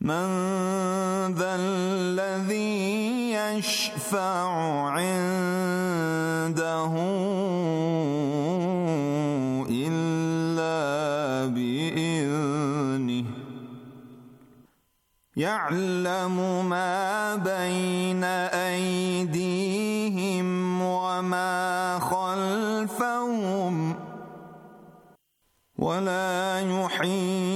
من ذا الذي يشفع عنده إلا بإذنه يعلم ما بين أيديهم وما خلفهم ولا يعلم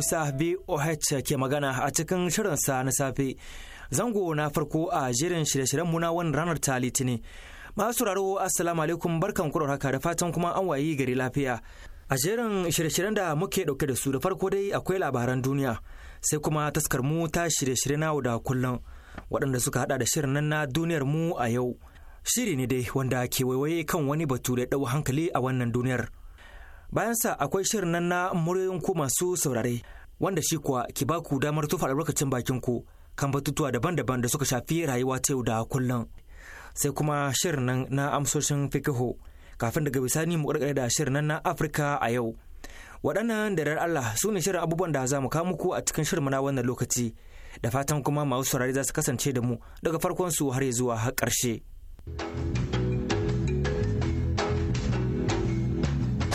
Musa BOH ke magana a cikin shirinsa na safe. Zango na farko a jirin shirye-shiryen muna wani ranar ta Litinin. Masu raro Assalamu alaikum barkan kurar haka da fatan kuma an wayi gari lafiya. A jerin shirye-shiryen da muke ɗauke da su da farko dai akwai labaran duniya sai kuma taskar mu ta shirye-shirye na da kullum waɗanda suka haɗa da shirin nan na duniyar mu a yau. Shiri ne dai wanda ke waiwaye kan wani batu da ɗau hankali a wannan duniyar. bayan sa akwai shirin nan na muryoyin ku masu saurare wanda shi kuwa ki ba ku damar tufa lokacin bakin ku kan batutuwa daban-daban da suka shafi rayuwa ta yau da kullum sai kuma shirin nan na amsoshin fikihu kafin daga bisani mu karkare da shirin nan na Afirka a yau waɗannan da Allah su ne shirin abubuwan da za mu kawo muku a cikin shirin na wannan lokaci da fatan kuma masu saurare za su kasance da mu daga farkon su har zuwa ƙarshe. karshe.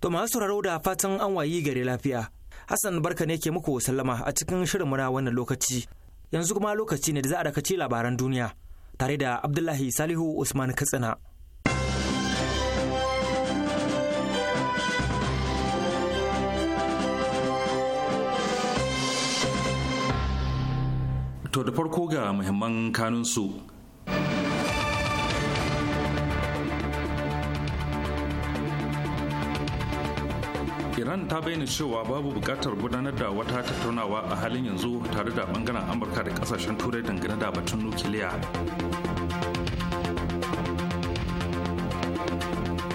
To masu sauraro da fatan an wayi gare lafiya. Hassan barka ne ke muku sallama a cikin shirin na wannan lokaci. Yanzu kuma lokaci ne da za a dakaci labaran duniya tare da Abdullahi Salihu Usman Katsina. To da farko ga muhimman kanunsu. iran ta bayyana cewa babu bukatar gudanar da wata tattaunawa a halin yanzu tare da bangaren amurka da kasashen turai dangane da batun nukiliya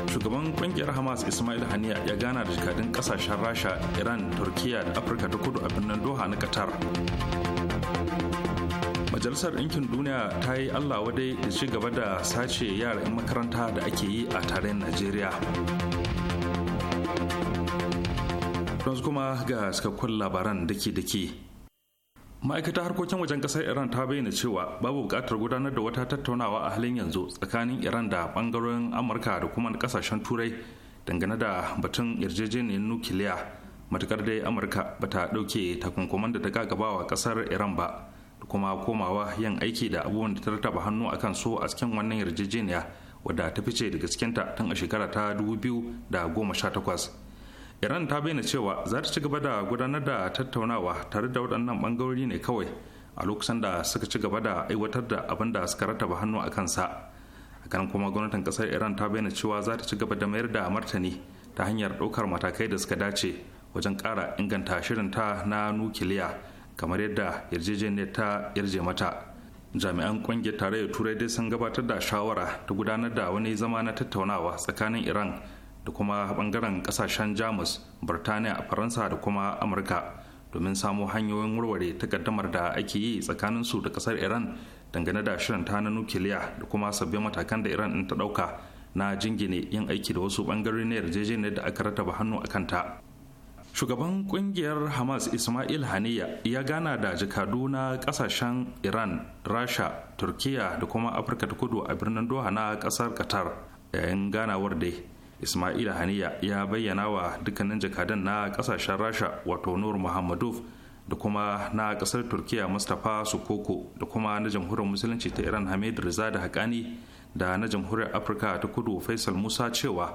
shugaban kungiyar hamas ismail haniya ya gana da jikadin kasashen rasha iran turkiyya da afirka ta kudu a birnin doha na qatar majalisar ɗinkin duniya ta yi allah wadai da ci gaba da sace yara 'yan makaranta da ake yi a tarayyar najeriya yanzu kuma ga cikakkun labaran dake-dake. ma'aikata harkokin wajen kasar iran ta bayyana cewa babu bukatar gudanar da wata tattaunawa a halin yanzu tsakanin iran da ɓangarorin amurka da kuma kasashen turai dangane da batun yarjejeniyar nukiliya matukar dai amurka ba ta dauke takunkuman da ta gagabawa kasar iran ba da kuma komawa yin aiki da abubuwan da ta rataba hannu a kan so a cikin wannan yarjejeniya wadda ta fice daga cikinta tun a shekara ta da goma sha takwas. iran ta bayyana cewa za ta ci gaba da gudanar da tattaunawa tare da waɗannan ɓangarori ne kawai a lokacin da suka ci gaba da aiwatar da abin da suka rataba hannu a kansa hakan kuma gwamnatin ƙasar iran ta bayyana cewa za ta ci gaba da mayar da martani ta hanyar ɗaukar matakai da suka dace wajen ƙara inganta shirinta na nukiliya kamar yadda yarjejeniyar ta yarje mata jami'an ƙungiyar tarayyar turai dai sun gabatar da shawara ta gudanar da wani zama na tattaunawa tsakanin iran da kuma bangaren kasashen jamus birtaniya faransa da kuma amurka domin samo hanyoyin warware takaddamar da ake yi tsakanin su da kasar iran dangane da shirin ta na nukiliya da kuma sabbin matakan da iran ta dauka na jingine yin aiki da wasu bangare na yarjejeniyar da aka rataba hannu a kanta shugaban kungiyar hamas ismail haniya ya gana da jakadu na kasashen iran rasha turkiya da kuma afirka ta kudu a birnin doha na kasar qatar yayin ganawar dai isma'il haniya ya bayyana wa dukkanin jakadan na kasashen rasha wato nur muhammadov da kuma na kasar turkiya mustapha sukoko da kuma na jamhuriyar musulunci ta iran hamid riza da haƙani da na jamhuriyar afirka ta kudu faisal musa cewa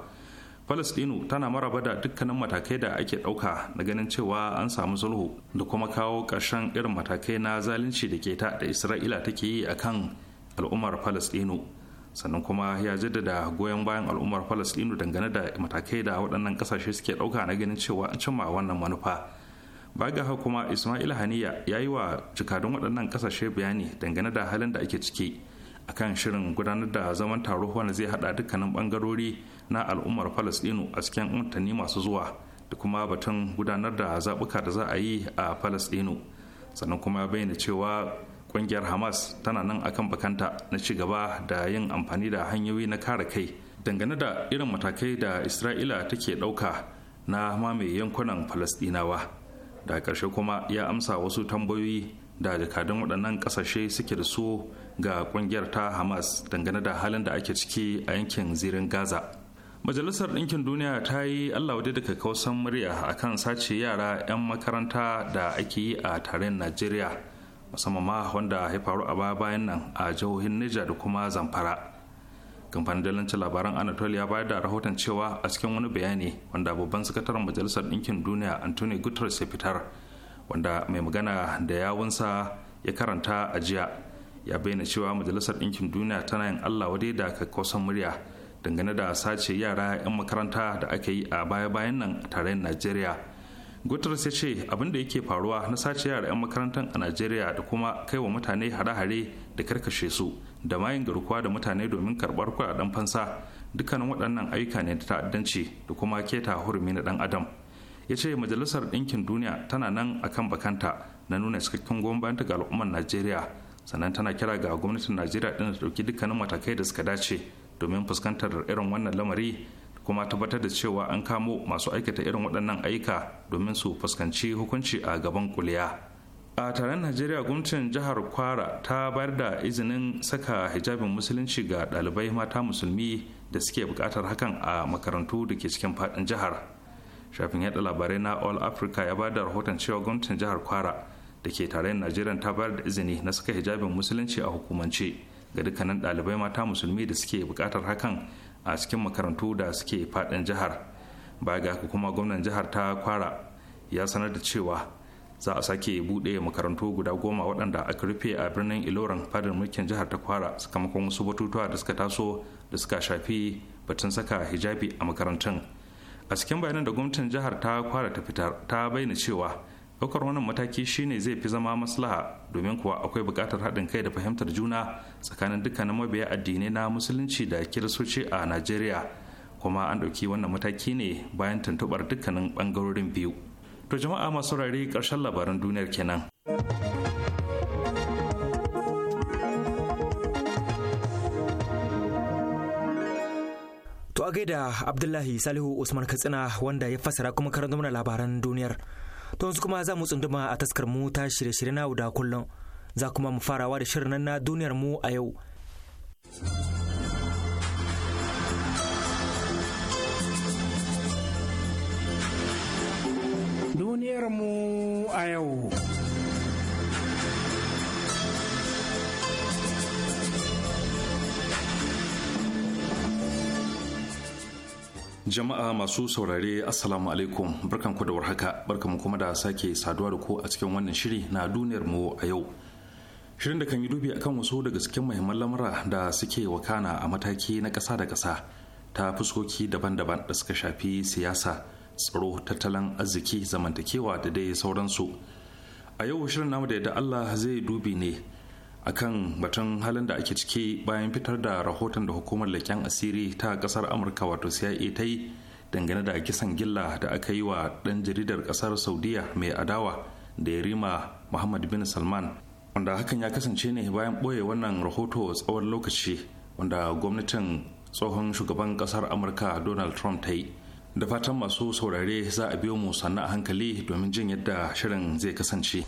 falastinu tana maraba da dukkanin matakai da ake ɗauka na ganin cewa an samu sulhu da kuma kawo ƙarshen irin matakai na zalunci da ke ta da isra'ila take yi akan al'ummar falastinu sannan kuma ya jaddada goyon bayan al'ummar falastinu dangane da matakai da waɗannan ƙasashe suke ɗauka na ganin cewa an cimma wannan manufa ga haka kuma ismail haniya ya yi wa jikadun waɗannan ƙasashe bayani dangane da halin da ake ciki akan shirin gudanar da zaman taro wanda zai haɗa dukkanin ɓangarori na al'ummar Falasɗinu a cikin watanni masu zuwa da kuma batun gudanar da zaɓuka da za a yi a Falasɗinu. sannan kuma ya bayyana cewa kungiyar hamas tana nan akan bakanta na ci gaba da yin amfani da hanyoyi na kare kai dangane da irin matakai da isra'ila take ɗauka na mamaye yankunan falasɗinawa da ƙarshe kuma ya amsa wasu tambayoyi da jakadun waɗannan ƙasashe suke da su ga ƙungiyar ta hamas dangane da halin da ake ciki a yankin zirin gaza majalisar ɗinkin duniya ta yi allah wadai da kakkausan murya akan sace yara 'yan makaranta da ake yi a tarin najeriya musamman ma wanda ya faru a baya bayan nan a jihohin Niger da kuma Zamfara. Kamfanin dalancin labaran Anatolia bayar da rahoton cewa a cikin wani bayani wanda babban sakataren majalisar ɗinkin duniya Anthony Guterres ya fitar wanda mai magana da yawunsa ya karanta a jiya ya bayyana cewa majalisar ɗinkin duniya tana yin Allah wadai da kakkausan murya dangane da sace yara 'yan makaranta da aka yi a baya-bayan nan a tarayyar Najeriya. guterres ya ce abin da yake faruwa na sace yara 'yan makarantar a najeriya da kuma kai wa mutane hare-hare da karkashe su da mayin garkuwa da mutane domin karbar kuɗaɗen fansa dukkanin waɗannan ayyuka ne da ta'addanci da kuma keta hurumi na ɗan adam ya ce majalisar ɗinkin duniya tana nan akan bakanta na nuna cikakken gwamnati ga al'ummar najeriya sannan tana kira ga gwamnatin najeriya ɗin da ɗauki dukkanin matakai da suka dace domin fuskantar irin wannan lamari kuma tabbatar da cewa an kamo masu aikata irin waɗannan aika domin su fuskanci hukunci a gaban kuliya a taron najeriya gwamnatin jihar kwara ta bayar da izinin saka hijabin musulunci ga ɗalibai mata musulmi da suke buƙatar hakan a makarantu da ke cikin faɗin jihar shafin yaɗa labarai na all africa ya bada rahoton cewa gwamnatin jihar kwara da ke tarayyar najeriya ta bayar da izini na saka hijabin musulunci a hukumance ga dukkanin ɗalibai mata musulmi da suke buƙatar hakan a cikin makarantu da suke faɗin jihar baya ga kuma gwamnan jihar ta kwara ya sanar da cewa za a sake buɗe makarantu guda goma waɗanda aka rufe a birnin iloran fadin mulkin jihar ta kwara sakamakon wasu batutuwa da suka taso da suka shafi batun saka hijabi a makarantun a cikin bayanan da gwamnatin jihar ta kwara ta fitar ta bayyana cewa ɗaukar wannan mataki shine zai fi zama maslaha domin kuwa akwai buƙatar haɗin kai da fahimtar juna tsakanin dukkanin mabiya addinai na musulunci da kiristoci a najeriya kuma an ɗauki wannan mataki ne bayan tuntuɓar dukkanin ɓangarorin biyu to jama'a masu rari ƙarshen labaran duniyar kenan To a gaida Abdullahi Salihu Usman Katsina wanda ya fassara kuma karanta mana labaran duniyar. To yanzu kuma za mu tsunduma a taskar mu ta shirye-shirye na da kullum. Za kuma mu farawa da shirin nan na duniyar mu a yau. Duniyar mu a yau. Jama'a masu saurare Assalamu alaikum ku da warhaka mu kuma da sake saduwa da ku a cikin wannan shiri na duniyar mu a yau. Shirin da kan yi dubi akan wasu daga cikin muhimman lamura da suke wakana a mataki na ƙasa da ƙasa ta fuskoki daban-daban da suka shafi siyasa, tsaro, tattalin arziki, zamantakewa da dai sauransu. A yau shirin namu da yadda Allah zai dubi ne akan batun halin da ake ciki bayan fitar da rahoton da hukumar leƙen asiri ta ƙasar amurka wato cia ta yi dangane da kisan gilla da aka yi wa ɗan jaridar ƙasar saudiya mai adawa da ya rima muhammad bin salman wanda hakan ya kasance ne bayan ɓoye wannan rahoto tsawon lokaci wanda gwamnatin tsohon shugaban ƙasar amurka donald trump ta yi da fatan masu saurare za a biyo mu sannu a hankali domin jin yadda shirin zai kasance.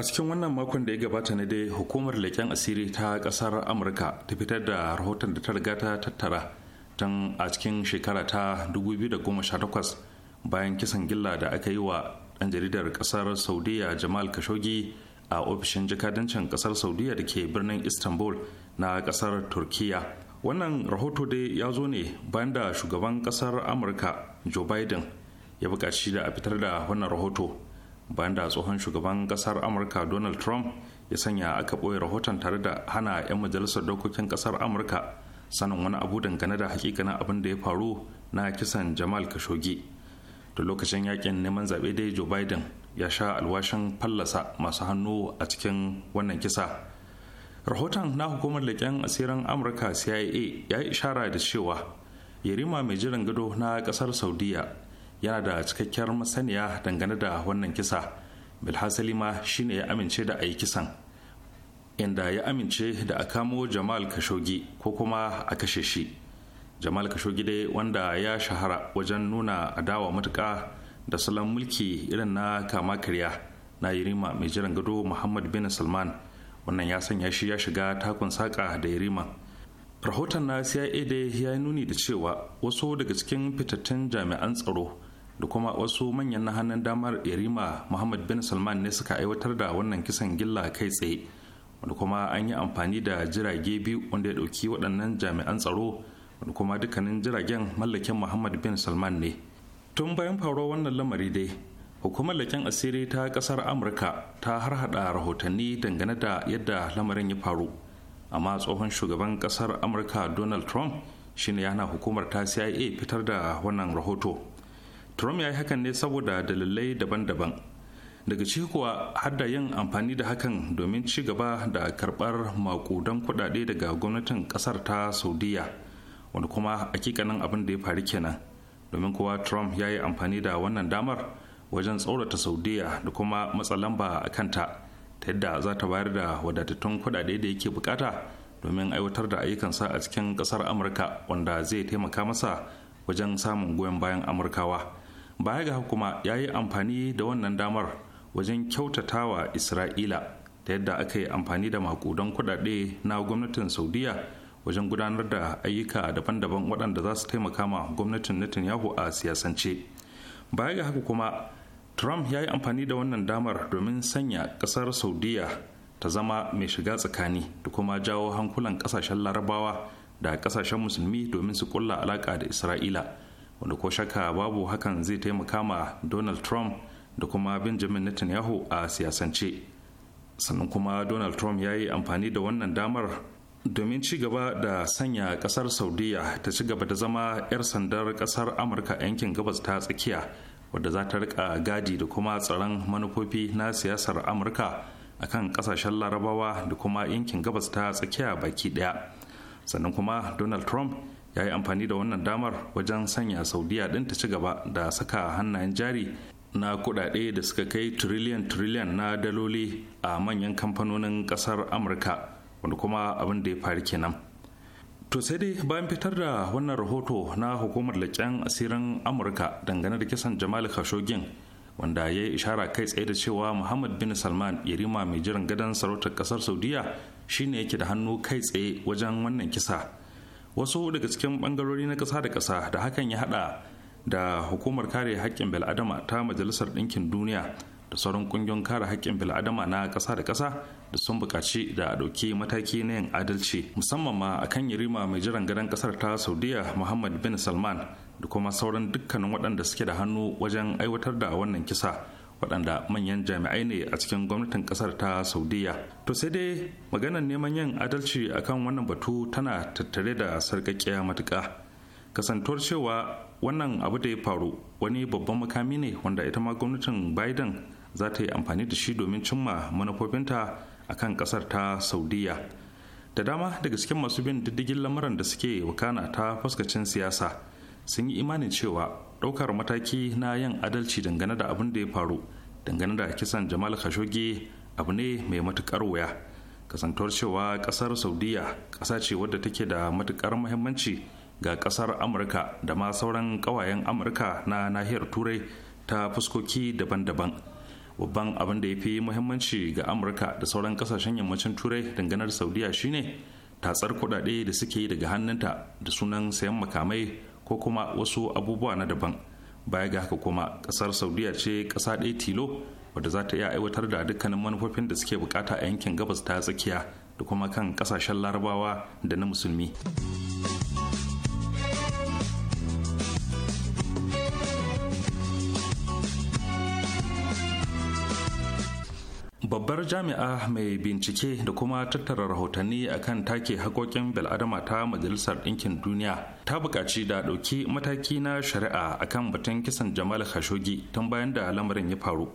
a cikin wannan makon da ya gabata ne dai hukumar leƙen asiri ta ƙasar amurka ta fitar da rahoton da ta riga ta tattara tun a cikin shekara ta 2018 bayan kisan gilla da aka yi wa ɗan jaridar ƙasar saudiya jamal khashoggi a ofishin jakadancin ƙasar saudiya da ke birnin istanbul na ƙasar turkiya wannan rahoto dai ya zo ne bayan da shugaban ƙasar amurka joe biden ya buƙaci da a fitar da wannan rahoto bayan da tsohon shugaban kasar amurka donald trump ya sanya aka ɓoye rahoton tare da hana 'yan majalisar dokokin kasar amurka sanin wani abu dangane da hakikanin abin da ya faru na kisan jamal khashoggi da lokacin yakin neman zaɓe dai joe biden ya sha alwashin fallasa masu hannu a cikin wannan kisa rahoton na hukumar leƙen asirin amurka cia ya yi ishara da cewa yarima mai jiran gado na ƙasar saudiya yana da cikakkiyar masaniya dangane da wannan kisa bilhassali ma shine ya amince da a yi kisan inda ya amince da a kamo jamal kashogi ko kuma a kashe shi jamal kashogi dai wanda ya shahara wajen nuna adawa matuka da salon mulki irin na kama karya na yirima mai jiran gado muhammad bin salman wannan ya sanya shi ya shiga takun saƙa da yirima rahoton na cia dai ya yi nuni da cewa wasu daga cikin fitattun jami'an tsaro da kuma wasu manyan na hannun damar yarima muhammad bin salman ne suka aiwatar da wannan kisan gilla kai tsaye wanda kuma an yi amfani da jirage biyu wanda ya dauki waɗannan jami'an tsaro wanda kuma dukkanin jiragen mallakin muhammad bin salman ne tun bayan faruwar wannan lamari dai hukumar leken asiri ta ƙasar amurka ta harhaɗa rahotanni dangane da yadda lamarin ya faru amma tsohon shugaban ƙasar amurka donald trump shine yana hukumar ta cia fitar da wannan rahoto trump ya yi hakan ne saboda dalilai daban-daban daga ciki kuwa har da yin amfani da hakan domin ci gaba da karbar makudan kudade daga gwamnatin kasar ta saudiya wanda kuma hakikanin abin da ya faru kenan domin kuwa trump ya yi amfani da wannan damar wajen tsorata saudiya da kuma matsa lamba a kanta ta yadda za ta bayar da wadatattun kudade da yake bukata domin aiwatar da ayyukansa a cikin kasar amurka wanda zai taimaka masa wajen samun goyon bayan amurkawa baya ga kuma ya yi amfani da wannan damar wajen kyautatawa isra'ila ta yadda aka yi amfani da makudan kudade na gwamnatin saudiya wajen gudanar da ayyuka daban-daban waɗanda za su taimaka ma gwamnatin netanyahu a siyasance baya ga haka kuma trump ya yi amfani da wannan damar domin sanya ƙasar saudiya ta zama mai shiga tsakani da kuma jawo hankulan ƙasashen larabawa da ƙasashen musulmi domin su kulla alaƙa da isra'ila wanda ko shakka babu hakan zai taimaka ma donald trump da kuma benjamin netanyahu a siyasance sannan kuma donald trump ya yi amfani da wannan damar domin ci gaba da sanya kasar saudiya ta ci gaba da zama 'yar sandar kasar amurka yankin gabas ta tsakiya wadda za ta rika gadi da kuma tsaron manufofi na siyasar amurka akan kasashen larabawa da kuma yankin gabas ta tsakiya baki daya sannan kuma donald trump ya yi amfani da wannan damar wajen sanya saudiya din ta ci gaba da saka hannayen jari na kudade da suka kai triliyan triliyan na daloli a manyan kamfanonin kasar amurka wanda kuma abin da ya faru kenan to sai dai bayan fitar da wannan rahoto na hukumar leƙen asirin amurka dangane da kisan jamal khashoggi wanda ya yi ishara kai tsaye da cewa muhammad bin salman yarima mai jiran gadon sarautar kasar saudiya shine yake da hannu kai tsaye wajen wannan kisa wasu daga cikin bangarori na ƙasa da ƙasa da hakan ya hada da hukumar kare haƙƙin bil'adama ta majalisar ɗinkin duniya da sauran ƙungiyoyin kare haƙƙin bil'adama na ƙasa da ƙasa da sun buƙaci da a ɗauki mataki na yin adalci musamman ma akan yarima mai jiran gadon ƙasar ta saudiya muhammad bin salman da kuma sauran dukkanin waɗanda suke da hannu wajen aiwatar da wannan kisa waɗanda manyan jami'ai ne a cikin gwamnatin ƙasar ta saudiya to sai dai maganar neman yin adalci akan wannan batu tana tattare da sarƙaƙƙiya matuƙa kasantuwar cewa wannan abu da ya faru wani babban makami ne wanda ita ma gwamnatin biden za ta yi amfani da shi domin cimma manufofinta akan ƙasar ta saudiya da dama daga cikin masu bin diddigin lamuran da suke wakana ta fuskacin siyasa sun yi imanin cewa Daukar mataki na yin adalci dangane da abin da ya faru dangane da kisan jamal khashoggi abu ne mai matukar wuya kasantuwar cewa kasar saudiya ƙasa ce wadda take da matukar muhimmanci ga kasar amurka da ma sauran ƙawayen amurka na nahiyar turai ta fuskoki daban-daban babban abin da ya fi muhimmanci ga amurka da sauran kasashen yammacin turai dangane da saudiya shine tatsar kudade da suke yi daga hannunta da sunan sayan makamai ko kuma wasu abubuwa na daban baya ga haka kuma kasar saudiya ce kasa ɗaya tilo wadda za ta iya aiwatar da dukkanin manufofin da suke bukata a yankin gabas ta tsakiya da kuma kan kasashen larabawa da na musulmi. babbar jami'a mai bincike da kuma tattara rahotanni akan take hakokin bil'adama ta majalisar ɗinkin duniya ta buƙaci da ɗauki mataki na shari'a akan batun kisan jamal khashoggi tun bayan da lamarin ya faru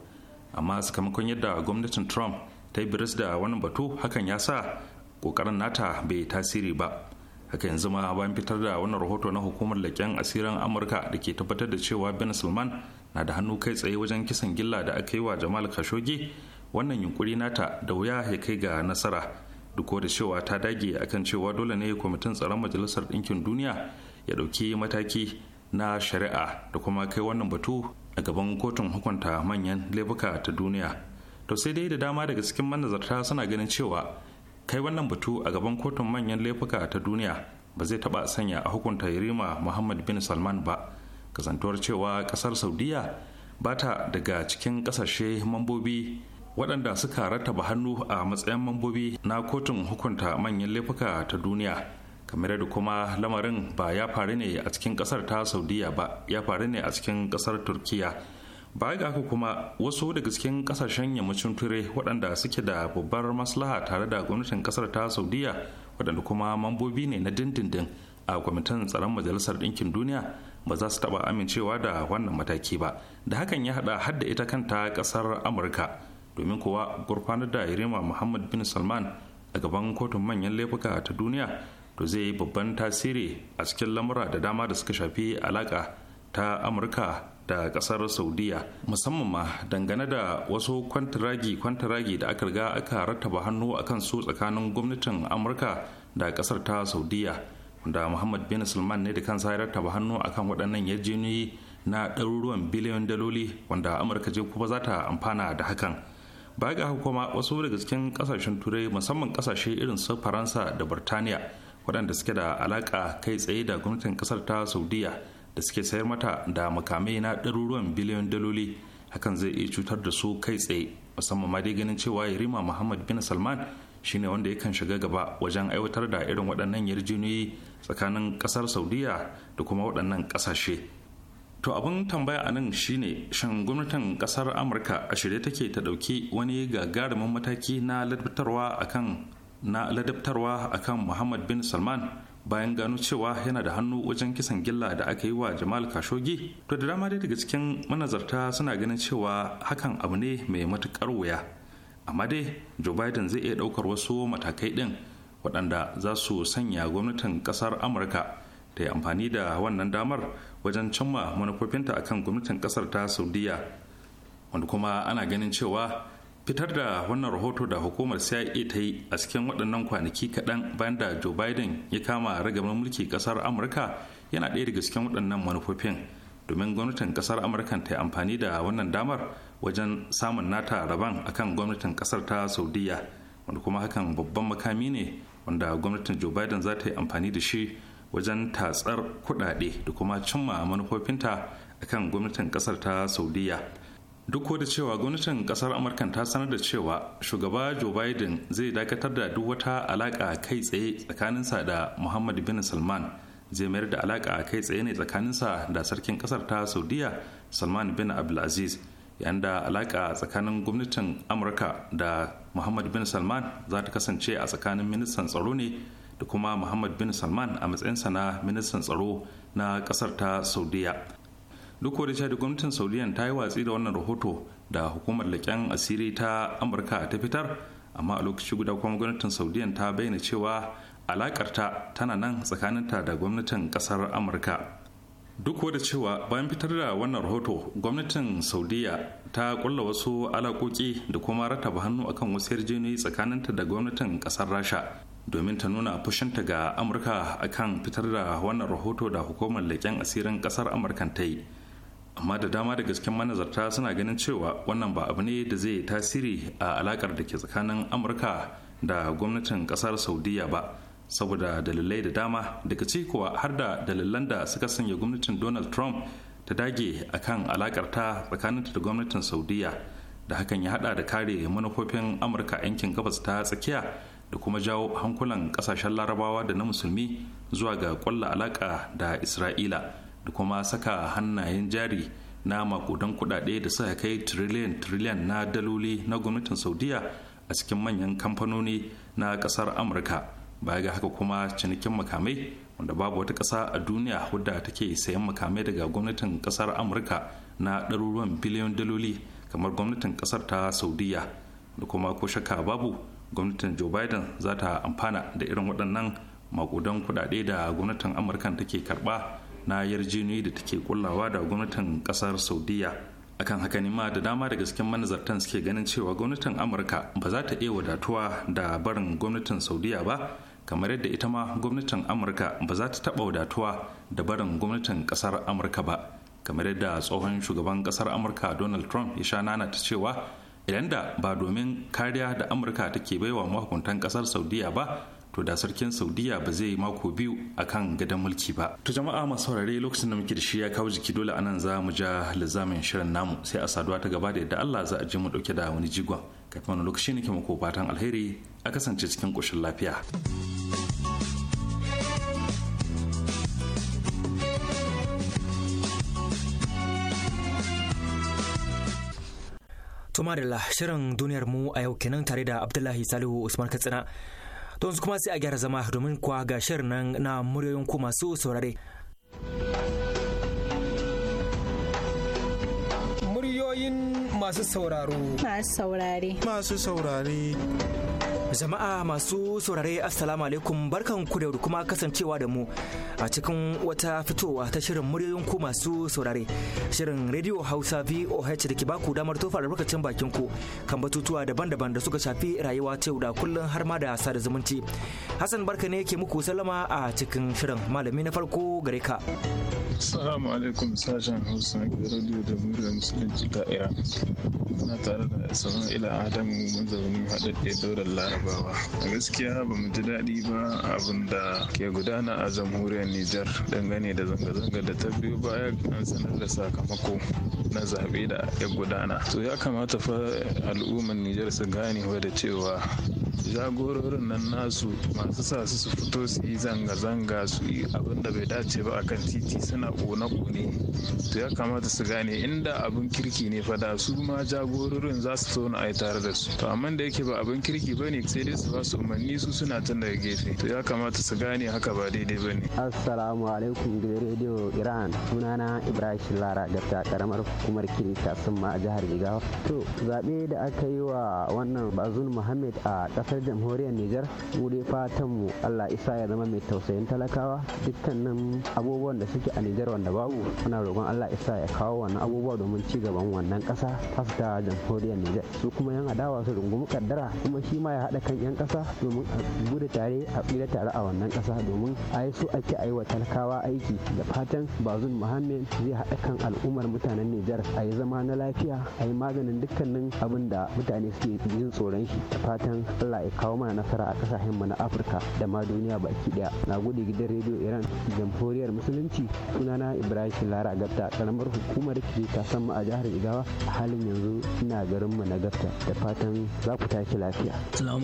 amma sakamakon yadda gwamnatin trump ta yi biris da wani batu hakan ya sa ƙoƙarin nata bai tasiri ba haka yanzu ma bayan fitar da wani rahoto na hukumar leƙen asirin amurka da ke tabbatar da cewa bin sulman na da hannu kai tsaye wajen kisan gilla da aka yi wa jamal khashoggi wannan yunkuri nata da wuya ya kai ga nasara duk da cewa ta dage a kan cewa dole ne kwamitin tsaron majalisar ɗinkin duniya ya ɗauki mataki na shari'a da kuma kai wannan batu a gaban kotun hukunta manyan laifuka ta duniya to sai dai da dama daga cikin manazarta suna ganin cewa kai wannan batu a gaban kotun manyan laifuka ta duniya ba zai taɓa sanya a hukunta yarima muhammad bin salman ba kasantuwar cewa ƙasar saudiya ba ta daga cikin ƙasashe mambobi waɗanda suka rattaba hannu a matsayin mambobi na kotun hukunta manyan laifuka ta duniya kamar da kuma lamarin ba ya faru ne a cikin ƙasar ta saudiya ba ya faru ne a cikin ƙasar turkiya Ba ga haka kuma wasu daga cikin ƙasashen yammacin ture waɗanda suke da babbar maslaha tare da gwamnatin ƙasar ta saudiya waɗanda kuma mambobi ne na dindindin a kwamitin tsaron majalisar ɗinkin duniya ba za su taɓa amincewa da wannan mataki ba da hakan ya haɗa hadda ita kanta ƙasar amurka domin kuwa gurfanar da yarima muhammad bin salman a gaban kotun manyan laifuka ta duniya to zai yi babban tasiri a cikin lamura da dama da suka shafi alaka ta amurka da kasar saudiya musamman ma dangane da wasu kwantaragi-kwantaragi da aka riga aka rattaba hannu a kan su tsakanin gwamnatin amurka da kasar ta saudiya da muhammad bin salman ne da kansa ya rattaba hannu a kan waɗannan yarjejeniyoyi na ɗaruruwan biliyon daloli wanda amurka je kuma za ta amfana da hakan baya ga haka kuma wasu daga cikin kasashen turai musamman kasashe irin su faransa da burtaniya waɗanda suke da alaƙa kai tsaye da gwamnatin ƙasar ta saudiya da suke sayar mata da makamai na ɗaruruwan biliyon daloli hakan zai iya cutar da su kai tsaye musamman ma dai ganin cewa yarima muhammad bin salman shine wanda yakan shiga gaba wajen aiwatar da irin waɗannan yarjejeniyoyi tsakanin ƙasar saudiya da kuma waɗannan ƙasashe to abin tambaya a nan shine shin gwamnatin kasar amurka a shirye take ta dauki wani gagarumin mataki na ladabtarwa akan na ladabtarwa akan muhammad bin salman bayan gano cewa yana da hannu wajen kisan gilla da aka yi wa jamal kashogi to da dama dai daga cikin manazarta suna ganin cewa hakan abu ne mai matukar wuya amma dai joe biden zai iya daukar wasu matakai din waɗanda za su sanya gwamnatin ƙasar amurka ta yi amfani da wannan damar wajen cimma manufofinta kan gwamnatin kasar ta saudiya wanda kuma ana ganin cewa fitar da wannan rahoto da hukumar cia ta yi a cikin waɗannan kwanaki kaɗan bayan da joe biden ya kama ragamar mulki kasar amurka yana ɗaya daga cikin waɗannan manufofin domin gwamnatin ƙasar amurka ta yi amfani da wannan damar wajen samun nata rabon akan gwamnatin ƙasar ta saudiya wanda kuma hakan babban makami ne wanda gwamnatin joe biden za ta yi amfani da shi wajen tatsar kuɗaɗe da kuma cimma manufofinta a kan gwamnatin ƙasar ta saudiya duk da cewa gwamnatin ƙasar amurka ta sanar da cewa shugaba joe biden zai dakatar da duk wata alaƙa kai tsaye tsakaninsa da muhammad bin salman zai mayar da alaƙa kai tsaye ne tsakaninsa da sarkin ƙasar ta saudiya salman bin abdulaziz yayin da alaƙa tsakanin gwamnatin amurka da muhammad bin salman za ta kasance a tsakanin ministan tsaro ne da kuma muhammad bin salman a matsayinsa na ministan tsaro na kasar ta saudiya duk da cewa gwamnatin saudiyan ta yi watsi da wannan rahoto da hukumar leƙen asiri ta amurka ta fitar amma a lokaci guda kuma gwamnatin saudiyan ta bayyana cewa ta tana nan tsakaninta da gwamnatin kasar amurka duk da cewa bayan fitar da wannan rahoto gwamnatin saudiya ta kulla wasu alakoki da kuma rataba hannu akan wasu yarjejeniyoyi tsakaninta da gwamnatin kasar rasha domin ta nuna fushinta ga amurka akan fitar da wannan rahoto da hukumar leƙen asirin ƙasar amurka ta yi amma da dama da gasken manazarta suna ganin cewa wannan ba abu ne da zai tasiri a alakar da ke tsakanin amurka da gwamnatin ƙasar saudiya ba saboda dalilai da dama daga cikowa har da dalilan da suka sanya gwamnatin donald trump ta dage akan alakar ta tsakaninta da gwamnatin saudiya da hakan ya hada da kare manufofin amurka yankin gabas ta tsakiya da kuma jawo hankulan kasashen larabawa da na musulmi zuwa ga kwalla alaka da isra'ila da kuma saka hannayen jari na makudan kudade da suka kai triliyan triliyan na daloli na gwamnatin saudiya a cikin manyan kamfanoni na kasar amurka baya ga haka kuma cinikin makamai wanda babu wata ƙasa a duniya wadda take sayan makamai daga gwamnatin kasar amurka na ɗaruruwan biliyon daloli kamar gwamnatin kasar ta saudiya da kuma ko shakka babu gwamnatin joe biden za ta amfana da irin waɗannan makudan kudade da gwamnatin amurkan take karba na yarjini da take kullawa da gwamnatin kasar saudiya akan haka ne ma da dama da gasken manazartan suke ganin cewa gwamnatin amurka ba za ta iya wadatuwa da barin gwamnatin saudiya ba kamar yadda ita ma gwamnatin amurka ba za ta taɓa wadatuwa da barin gwamnatin ƙasar amurka ba kamar yadda tsohon shugaban ƙasar amurka donald trump ya sha nana ta cewa idan da ba domin kariya da amurka take baiwa mahukuntan kasar saudiya ba to da sarkin saudiya ba zai mako biyu a kan gadon mulki ba to jama'a masu saurare lokacin da muke da shi ya kawo jiki dole anan za mu ja lizamin shirin namu sai a saduwa ta gaba da yadda allah za a je mu dauke da wani jigon kafin wani lokaci ne ke mako fatan alheri a kasance cikin koshin lafiya. Tuma da shirin duniyar mu a yau kenan tare da Abdullahi Salihu Usman Katsina. To yanzu kuma sai a gyara zama domin kuwa ga shirin nan na muryoyin ku masu saurare. Muryoyin masu sauraro. Masu saurare. Masu saurare. Jama'a masu saurare Assalamu alaikum barkan ku da kuma kasancewa da mu a cikin wata fitowa ta shirin muryoyin ku masu saurare. Shirin Radio Hausa VOH da ke baku damar tofa albarkacin bakin ku kan batutuwa daban-daban da suka shafi rayuwa ta yau da kullum har ma da sada zumunci. Hassan barka ne ke muku salama a cikin shirin malami na farko gare ka. Assalamu alaikum sashen Hausa Radio da muryoyin Musulunci ta Iran. Na tare da Ila Adamu mazaunin haɗaɗɗe daular Laraba. Yarbawa. A gaskiya ba mu ji daɗi ba abin da ke gudana a jamhuriyar Nijar dangane da zanga-zanga da ta biyo baya an sanar da sakamako na zaɓe da ya gudana. To ya kamata fa al'ummar Nijar su gane da cewa jagororin nan nasu masu sa su su fito su yi zanga-zanga su yi abin da bai dace ba akan titi suna kone-kone to ya kamata su gane inda abin kirki ne fada su ma jagororin za su zauna a tare da su to amma da yake ba abin kirki ba ne sai dai su ba su umarni su suna tun daga gefe to ya kamata su gane haka ba daidai ba ne assalamu alaikum gidan rediyo iran sunana ibrahim lara da karamar hukumar kirista sun ma a jihar jigawa to zaɓe da aka yi wa wannan bazun muhammad a ƙasar jamhuriyar nijar mu dai fatan mu allah isa ya zama mai tausayin talakawa dukkanin abubuwan da suke a nijar wanda babu muna roƙon allah isa ya kawo wannan abubuwa domin ci gaban wannan ƙasa ta jamhuriyar nijar su kuma yan adawa su rungumi kaddara kuma shi ma ya haɗa haɗa kan 'yan ƙasa domin a gudu tare a tsira tare a wannan ƙasa domin a yi so ake a yi wa talakawa aiki da fatan bazun muhammed zai haɗa kan al'ummar mutanen nijar a yi zama na lafiya a yi maganin dukkanin abin da mutane suke yin tsoron shi da fatan allah ya kawo mana nasara a ƙasashen mu na afirka da ma duniya baki ɗaya na gode gidan rediyo iran jamhuriyar musulunci sunana ibrahim lara gabta karamar hukumar ke ta san a jihar igawa a halin yanzu ina garin mu na gabta da fatan za ku tashi lafiya.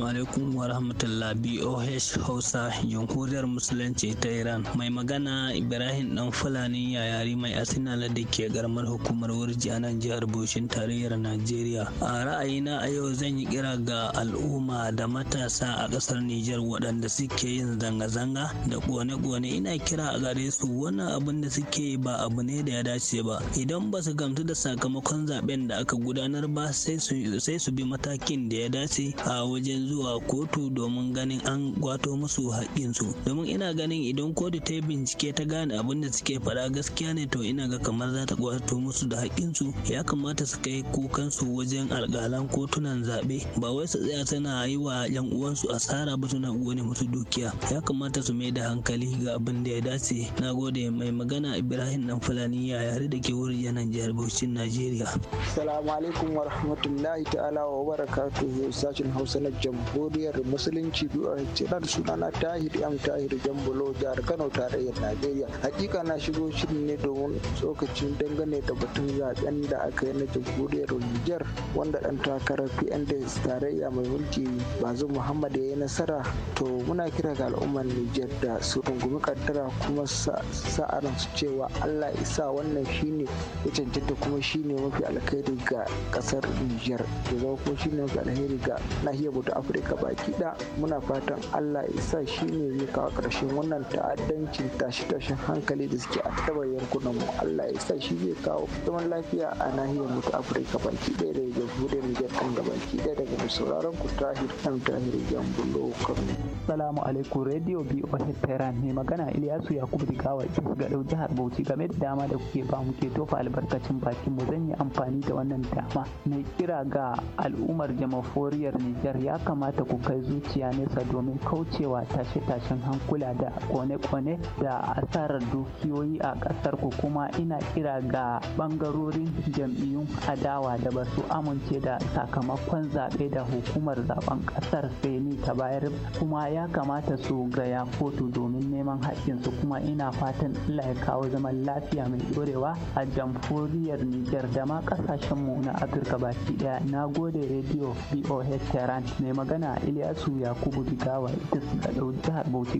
Assalamu alaikum wa rahmatullah BOH Hausa Jamhuriyar Musulunci ta Iran. Mai magana Ibrahim Dan Fulani yayari mai asinala da ke garmar hukumar wurji a nan jihar Bushin tarayyar Najeriya. A ra'ayina a yau zan yi kira ga al'umma da matasa a ƙasar Nijar waɗanda suke yin zanga-zanga da ƙone-ƙone ina kira a gare su wannan abin da suke yi ba abu ne da ya dace ba. Idan ba su gamtu da sakamakon zaben da aka gudanar ba sai su bi matakin da ya dace a wajen zuwa kotu domin ganin an gwato musu su domin ina ganin idan kotu ta yi bincike ta gane abin da suke fara gaskiya ne to ina ga kamar za ta kwato musu da haƙƙinsu ya kamata su kai kukansu wajen alƙalan kotunan zaɓe ba wai su tsaya tana yi wa yan uwansu asara ba suna gone musu dukiya ya kamata su mai da hankali ga abin da ya dace na gode mai magana ibrahim dan fulani ya yare da ke wurin yanan jihar bauchin najeriya assalamu alaikum wa rahmatullahi ta'ala wa barakatuhu sashen hausa na jamu jamhuriyar musulunci biyu a ce suna sunana tahir yam tahir jambulo jihar kano tarayyar najeriya hakika na shigo shiri ne domin tsokacin dangane da batun zaben da aka yi na jamhuriyar niger wanda dan takarar pnds tarayya mai mulki bazu muhammad ya yi nasara to muna kira ga al'ummar niger da su rungumi kaddara kuma sa'aran su cewa allah isa wannan shine ya cancanta kuma shine mafi alkhairi ga kasar niger da zama kuma shine mafi alkhairi ga nahiyar bauta afirka. afirka baki da muna fatan allah isa shi ne zai kawo ƙarshen wannan ta'addancin tashi-tashin hankali da suke addaba yankunan mu allah isa shi zai kawo zaman lafiya a nahiyar mu ta afirka baki ɗaya da jamhuriyar nijar kan gabaki ɗaya daga mai sauraron ku tahir kan tahir jambulo kano. salamu alaikum radio boh tehran mai magana iliyasu yakubu digawa kis ga ɗau jihar bauchi game da dama da kuke ba mu ke tofa albarkacin bakin mu zan yi amfani da wannan dama mai kira ga al'ummar jamaforiyar nijar ya kama. kamata ku kai zuciya nesa domin kaucewa tashe-tashen hankula da kone-kone da asarar dukiyoyi a ƙasar ku kuma ina kira ga bangarorin jam'iyyun adawa da ba su amince da sakamakon zaɓe da hukumar zaɓen ƙasar seni ta bayar kuma ya kamata su gaya kotu domin neman haƙƙinsu kuma ina fatan Allah ya kawo zaman lafiya mai ɗorewa a jamhuriyar Nijar da ma ƙasashenmu na Afirka baki ɗaya. Na gode Radio BOH Tehran mai magana Ilyasu Yakubu Digawa ita ɗau jihar Bauchi.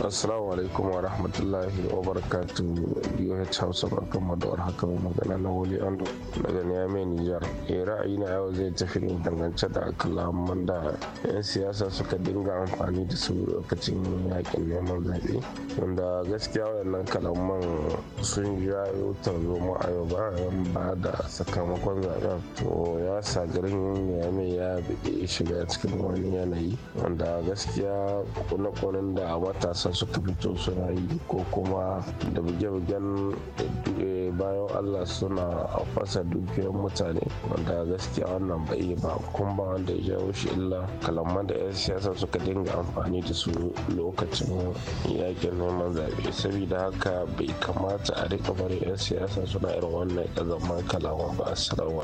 assalamu alaikum wa rahmatullahi wa barakatu UH Hausa sabar mu da haka mai magana na Wali Ando daga Niamey Nijar. e eh, ra'ayi na yau zai tafi ne dangance da kalaman da 'yan siyasa suka dinga amfani da su lokacin yakin neman zaɓe. Wanda gaskiya waɗannan kalaman sun jayo tarzoma a yau bayan ba da sakamakon zaɓen. To ya sa garin Niamey ya bude shiga cikin wani yanayi wanda gaskiya kone-konen da matasa matasa suka fito suna yi ko kuma da buge-bugen eh, bayan allah suna fasa dukiyar mutane wanda gaskiya wannan ba yi ba kuma ba wanda ya jawo shi illa kalamman da 'yan siyasa suka dinga amfani da su lokacin yakin neman zaɓe saboda haka bai kamata a rika bari 'yan siyasa suna irin wannan zama kalaman ba assalamu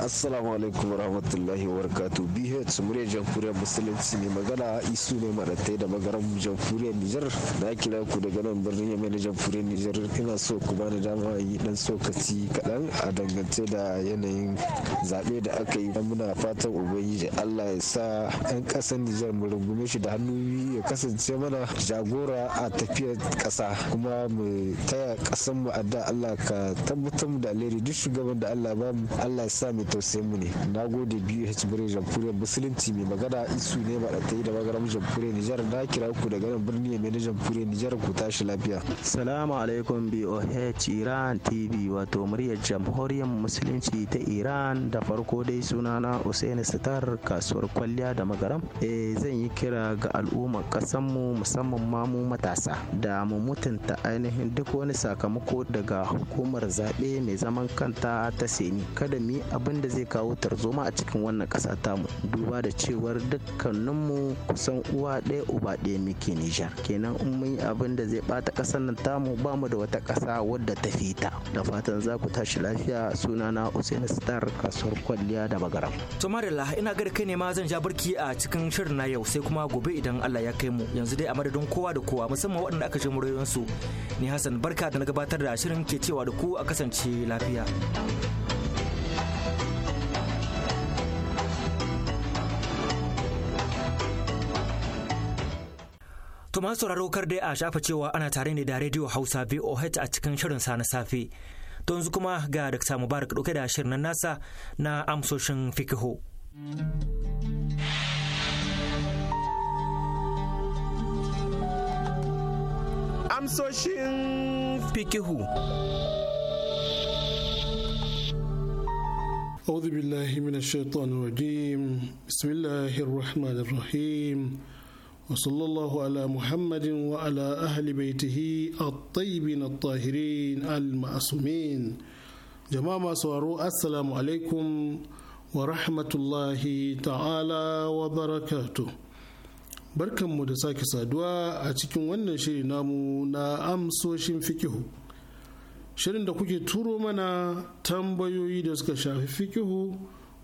assalamu alaikum rahmatullahi wabarakatuh bh muryar jamhuriyar musulunci ne magana isu ne maratai da magaran jamhuriyar Nijar na kira ku daga nan birnin Yamai na jamhuriyar Nijar ina so ku bani dama yi dan sokaci kaɗan a dangance da yanayin zaɓe da aka yi muna fatan ubangiji Allah ya sa 'yan ƙasar Nijar mu rungume shi da hannu ya kasance mana jagora a tafiyar ƙasa kuma mu taya ƙasar mu adda Allah ka tabbatar mu da alheri duk shugaban da Allah ba mu Allah ya sa mai tausayin mu ne nagode biyu H Bare jamhuriyar musulunci mai magana isu ne ba da ta yi da mu jamhuriyar Nijar na kira ku daga nan birnin Yamai na jamhuriyar Nijar ku tashi lafiya. Salamu alaikum BOH Iran TV wato muryar jamhuriyar musulunci ta Iran da farko dai sunana Usaini Sitar kasuwar kwalliya da magaram. E zan yi kira ga al'ummar kasanmu musamman ma mu matasa da mu mutunta ainihin duk wani sakamako daga hukumar zaɓe mai zaman kanta ta seni kada mu yi abin da zai kawo tarzoma a cikin wannan ƙasa tamu duba da cewar dukkaninmu kusan uwa ɗaya uba ɗaya muke Nijar. kenan in mun yi abin da zai bata kasar nan tamu ba mu da wata kasa wadda ta fi ta. da fatan za ku tashi lafiya suna na usain star kasuwar kwalliya da bagaram to marilla ina ga kai ne ma zan ja barki a cikin shirin na yau sai kuma gobe idan Allah ya kai mu yanzu dai a madadin kowa da kowa musamman waɗanda aka ji murayoyin su ni Hassan barka da na gabatar da shirin ke cewa da ku a kasance lafiya To masu sauraro kar dai a shafa cewa ana tare ne da Radio Hausa VOH a cikin shirin sa na safe. To yanzu kuma ga Dr. Mubarak ɗauke da shirin nasa na amsoshin fikiho. amsoshin fikihu. أعوذ بالله من الشيطان الرجيم بسم الله الرحمن الرحيم وصلى الله على محمد وعلى أهل بيته الطيبين الطاهرين المعصومين جماعة سوارو السلام عليكم ورحمة الله تعالى وبركاته mu da sake saduwa a cikin wannan shiri namu na amsoshin fikihu shirin da kuke turo mana tambayoyi da suka shafi fikihu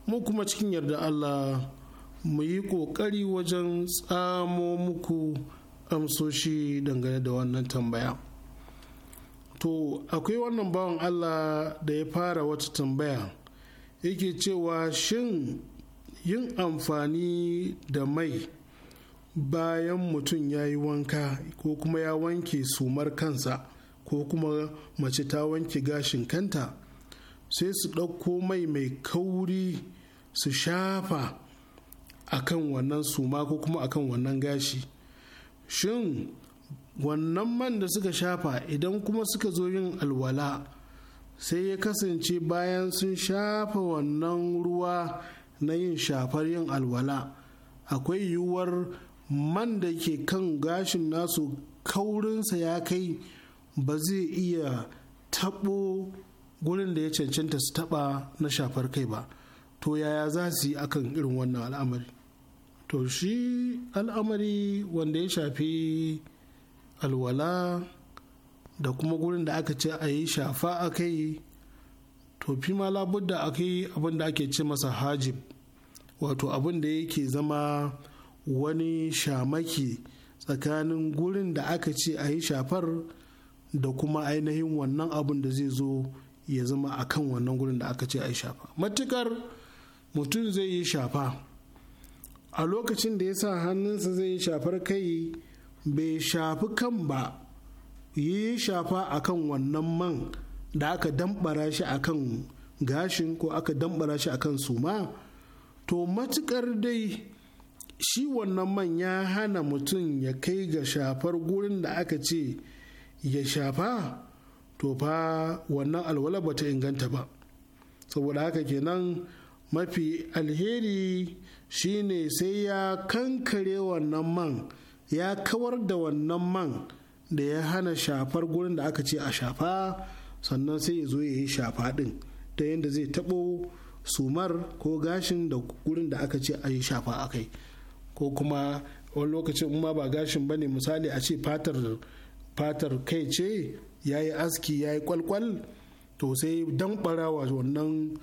mu kuma cikin yarda Allah mu yi ƙoƙari wajen tsamo muku amsoshi dangane da wannan tambaya to akwai wannan bawan allah da ya fara wata tambaya yake cewa shin yin amfani da mai bayan mutum ya yi wanka ko kuma ya wanke sumar kansa ko kuma mace ta wanke gashin kanta sai su ɗauko mai mai kauri su shafa akan wannan suma ko kuma akan wannan gashi shin wannan man da suka shafa idan kuma suka zo yin alwala sai ya kasance bayan sun shafa wannan ruwa na yin shafar yin alwala akwai yiwuwar man da ke kan gashin nasu kaurinsa ya kai ba zai iya taɓo gurin da ya cancanta su taɓa na shafar kai ba to yaya za su yi akan irin wannan al'amari to shi al'amari wanda ya shafi alwala da kuma gurin da aka ce a yi shafa a kai to fi ma labudda a kai abin da ake ce masa hajib wato abin da yake zama wani shamaki tsakanin gurin da aka ce a yi shafar da kuma ainihin wannan abin da zai zo ya zama a kan wannan gurin da aka ce a yi shafa matukar mutum zai yi shafa a lokacin da ya sa hannunsa zai shafar kai bai shafi kan ba yi shafa akan wannan man da aka dambara shi akan gashin ko aka dambara shi akan suma to matukar dai shi wannan man ya hana mutum ya kai ga shafar gurin da aka ce ya shafa to fa wannan alwala bata inganta ba saboda haka kenan mafi alheri shine sai ya kankare wannan man ya kawar da wannan man da ya hana shafar gurin da aka ce a shafa sannan sai ya zo ya yi shafa ɗin ta yadda zai taɓo sumar ko gashin da gurin da aka ce a yi shafa a kai ko kuma wani lokacin in ma ba gashin bane misali a ce fatar fatar kai ce ya yi aski ya yi kwalkwal to sai don ɓarawa wannan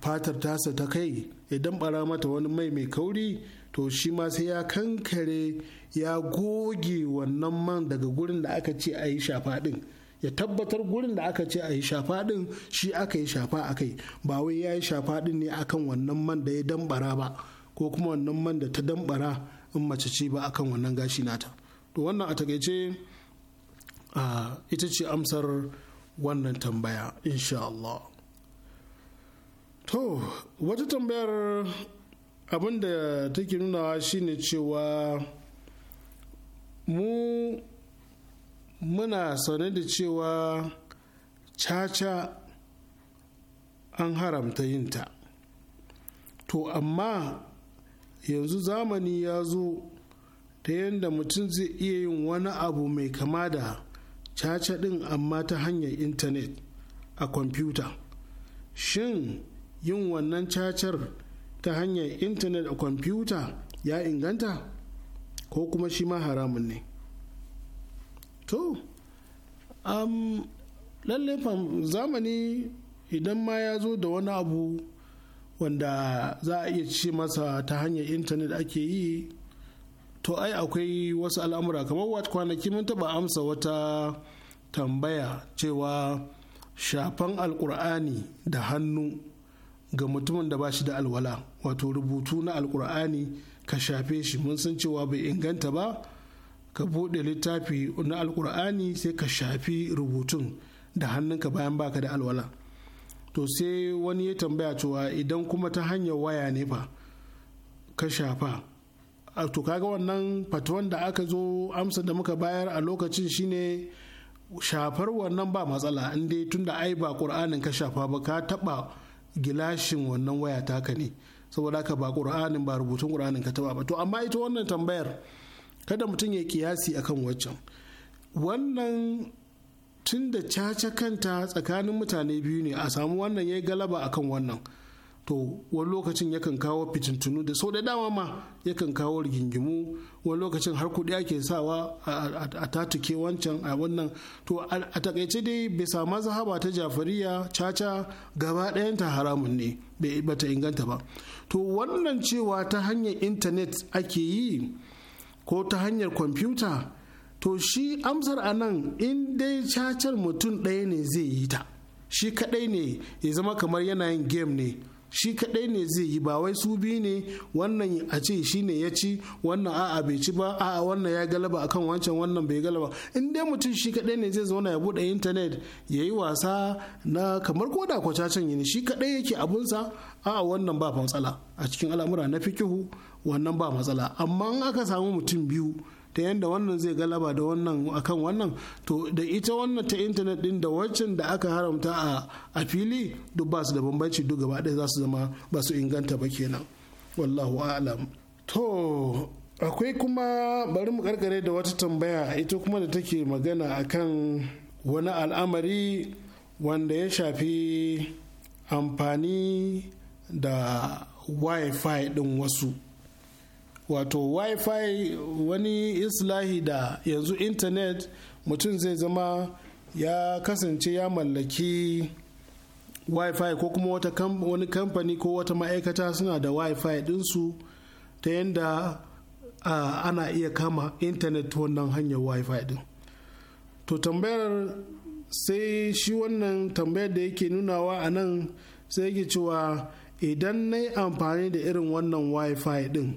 fatar tasa ta kai idan bara mata wani mai mai kauri to shi ma sai ya kankare ya goge wannan man daga gurin da aka ce a yi shafa din ya tabbatar gurin da aka ce a yi shafa din shi aka yi shafa a kai ba wai ya yi shafa din ne akan wannan man da ya dambara ba ko kuma wannan man da ta dambara in mace ce ba akan wannan gashi nata to wannan a takaice ah, ita ce amsar wannan tambaya insha Allah to wata tambayar abin da take nunawa shine cewa mu muna sane da cewa caca an haramta yinta to amma yanzu zamani ya zo ta yadda mutum zai iya yin wani abu mai kama da caca ɗin amma ta hanyar intanet a kwamfuta shin yin wannan cacar ta hanyar intanet a kwamfuta ya inganta ko kuma shi ma haramun ne to um, lalle zamani idan ma ya zo da wani abu wanda za a iya ce masa ta hanyar intanet ake yi to ai akwai wasu al'amura kamar wata kwanaki mun taba amsa wata tambaya cewa shafan alkur'ani da hannu ga mutumin da ba shi da alwala wato rubutu na alkur'ani ka shafe shi mun san cewa bai inganta ba ka buɗe littafi na alkur'ani sai ka shafi rubutun da hannunka bayan baka da alwala to sai wani ya tambaya cewa idan kuma ta hanyar waya ne fa ka shafa a to kaga wannan fatuwan da aka zo amsa da muka bayar a lokacin shine shafar wannan ba matsala in dai tunda ai ba ƙur'anin ka shafa ba ka taba gilashin wannan waya taka ne saboda haka ba ƙur'anin ba rubutun ƙur'anin ka taba ba to amma ita wannan tambayar kada mutum ya kiyasi akan waccan wannan tun da caca kanta tsakanin mutane biyu ne a samu wannan ya yi galaba akan wannan to wani lokacin yakan kawo fitintunu da sau da dama ma yakan kawo rigingimu wani lokacin har kuɗi ake sawa a tatuke wancan a wannan to a takaice dai bisa mazhaba ta jafariya caca gaba ta haramun ne ba ta inganta ba to wannan cewa ta hanyar intanet ake yi ko ta hanyar kwamfuta to shi amsar a nan in dai cacar mutum ɗaya ne zai yi ta shi kaɗai ne ya zama kamar yin game ne shi kadai ne zai yi ba wai su biyu ne wannan a ce shi ne ya ci wannan a'a bai ci ba a'a wannan ya galaba akan wancan wannan bai galaba in dai mutum shi kadai ne zai zauna ya bude intanet ya yi wasa na kamar koda kwacacen yini shi kadai yake abunsa a'a wannan ba matsala a cikin al'amura na fikihu wannan ba matsala amma in aka samu mutum biyu ta yadda wannan zai galaba da wannan akan wannan to da ita wannan ta intanet din da waccan da aka haramta a a fili duk ba su da bambanci duk gaba ɗaya za su zama ba su inganta ba kenan wallahu a'lam to akwai kuma bari mu karkare da wata tambaya ita kuma da take magana akan wani al'amari wanda ya shafi amfani da wi-fi din wasu wato wifi wani islahi da yanzu intanet mutum zai zama ya kasance ya mallaki wifi ko kuma wani kamfani ko wata ma'aikata suna da wifi dinsu ta yadda uh, ana iya kama intanet wannan hanyar wifi din to tambayar sai shi wannan tambayar da yake nunawa a nan sai yake cewa idan na yi amfani da irin wannan wifi din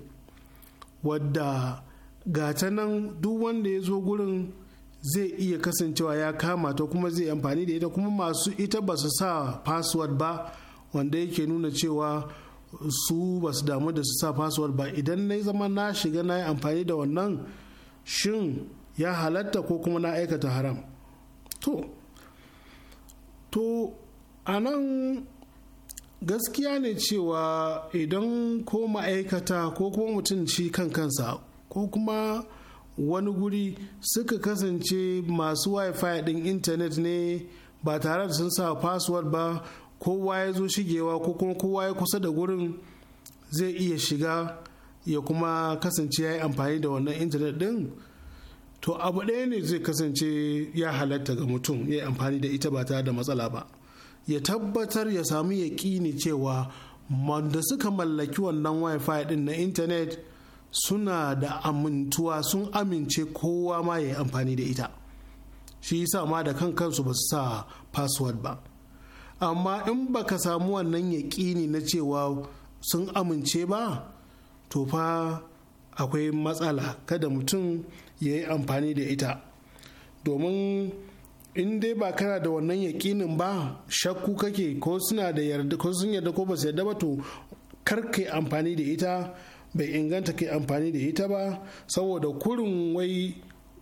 wadda gata nan duk wanda ya zo gurin zai iya kasancewa ya kama ta kuma zai amfani da ita kuma masu ita ba su sa password ba wanda yake nuna cewa su ba su damu da su sa password ba idan na zama na shiga na yi amfani da wannan shin ya halatta ko kuma na aikata haram to to a nan gaskiya ne cewa idan ko ma'aikata ko kuma mutum shi kan kansa ko kuma wani guri suka kasance masu wifi din intanet ne ba tare da sun sa password ba kowa ya zo shigewa ko kuma kowa ya kusa da gurin zai iya shiga ya kuma kasance ya yi amfani da wannan intanet din to abu ɗaya ne zai kasance ya halatta ga mutum ya yi amfani da ita ba tare da matsala ba ya tabbatar ya samu yaƙini cewa wanda suka mallaki wannan wifi din na intanet suna da amintuwa sun amince kowa ma ya yi amfani da ita shi yasa ma da kan kansu ba su sa password ba amma in baka samu wannan yaƙini na cewa sun amince ba to fa akwai matsala kada mutum ya yi amfani da ita domin in dai ba kana da wannan yakinin ba shakku kake ko suna da yarda ko sun yarda ko ba su yarda ba to kar yi amfani da ita bai inganta kai amfani da ita ba saboda kurin wai